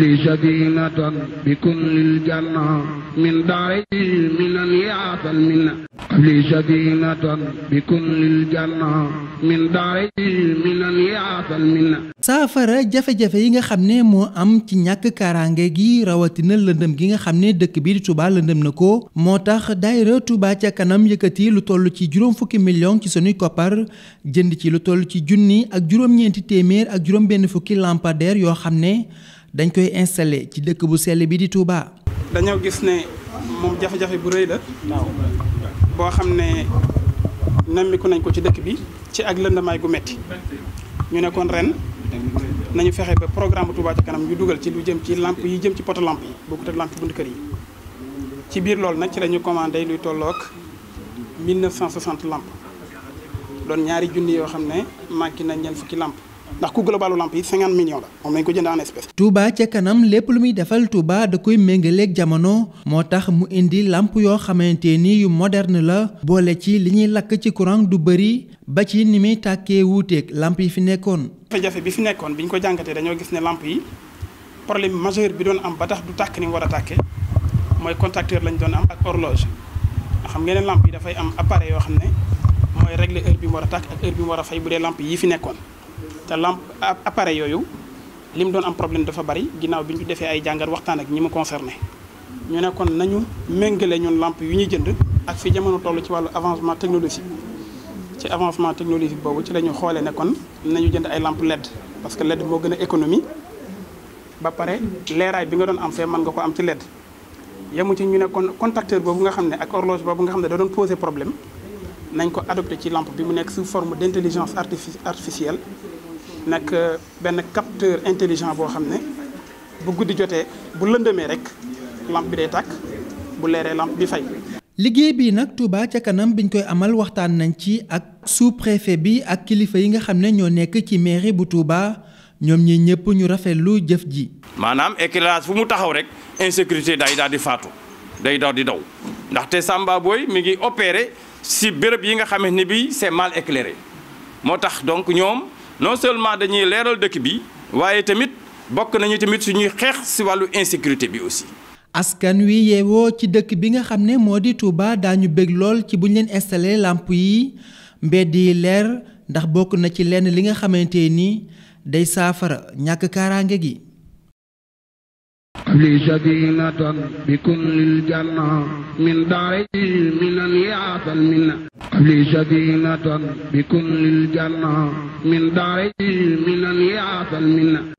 li sadinatan bi saafara jafe-jafe yi nga xam ne moo am ci ñàkk kaaraange gi rawatina lëndëm gi nga xam ne dëkk bi di Touba lëndëm na ko moo tax daayira Touba ca kanam yëkkati lu toll ci juróom fukki million ci sunuy koppar jënd ci lu toll ci junni ak juróom-ñeenti téeméer ak juróom benn fukki lampadaire yoo xam ne dañ koy installé ci dëkk bu sell bi di Touba. dañoo gis ne moom jafe-jafe bu rëy la boo xam ne nemmiku nañ ko ci dëkk bi ci ak lëndamaay gu metti ñu nekkoon ren nañu fexe ba programme Touba ci kanam ñu dugal ci lu jëm ci lamp yi jëm ci pot lamp yi bokkut ak lamp bunt kër yi ci biir loolu nag ci la ñu commandé luy tolloog 1960 lamp doon ñaari junni yoo xam ne manqué na ñeent fukki làmp ndax coût global u lamp yi cinquante millions la moom nañ ko jënd en espèce Touba ca kanam lépp lu muy defal Touba da koy méngaleeg jamono moo tax mu indi làmp yoo xamante ni yu moderne la boole ci li ñuy lakk ci courant du bëri ba ci ni muy tàkkee wuuteeg lamp yi fi nekkoon jafe bi fi nekkoon bi ñu ko jàngatee dañoo gis ne làmp yi problème majeur bi doon am ba tax du tàkk ni mu war a tàkkee mooy contacteur lañ doon am ak horloge xam ngeen ne lamp yi dafay am appareil yoo xam ne mooy régler heure bi war a tàkk ak heure bi war a fay bu dee lamp yi fi nekkoon te lamp appareil yooyu li mu doon am problème dafa bari ginnaaw bi ñu defee ay jàngar waxtaan ak ñi mu concerné ñu ne kon nañu méngale ñun lamp yu ñuy jënd ak fi jamono toll ci wàllu avancement technologie ci avancement technologique boobu ci la ñu xoolee ne kon nañu jënd ay lamp LED parce que LED moo gën a économie ba pare leeraay bi nga doon am fee mën nga ko am ci LED yemu ci ñu ne kon contacteur boobu nga xam ne ak horloge boobu nga xam ne da doon poser nañ ko adopté ci lampe bi mu nekk sous forme d' intelligence artificielle nag euh, benn capteur intelligent boo xam ne bu guddi jotee bu lëndëmee rek lampe bi day tàkk bu leeree lampe bi fay. liggéey bii nag Touba ca kanam biñ koy amal waxtaan nañ ci ak sous-préfet bi ak kilifa yi nga xam ne ñoo nekk ci mairie bu Touba ñoom ñi ñëpp ñu rafet lu jëf ji. maanaam éclairage fu mu taxaw rek insécurité daay daal di faatu day daal di daw ndaxte Samba Boy mi ngi opéré. si béréb yi nga xamante ni bi c'est mal éclairé moo tax donc ñoom non seulement dañuy leeral dëkk bi waaye tamit bokk nañu tamit suñuy xeex si wàllu insécurité bi aussi askan wi yeewoo ci dëkk bi nga xam ne moo di Touba daañu bëgg lool ci bu leen installé làmp yi mbedd yi leer ndax bokk na ci lenn li nga xamante nii day saafara ñàkk kaaraange gi li sadinatan bikum lil janna min daari minan yaatal minna li sadinatan bikum lil janna min daari minan yaatal minna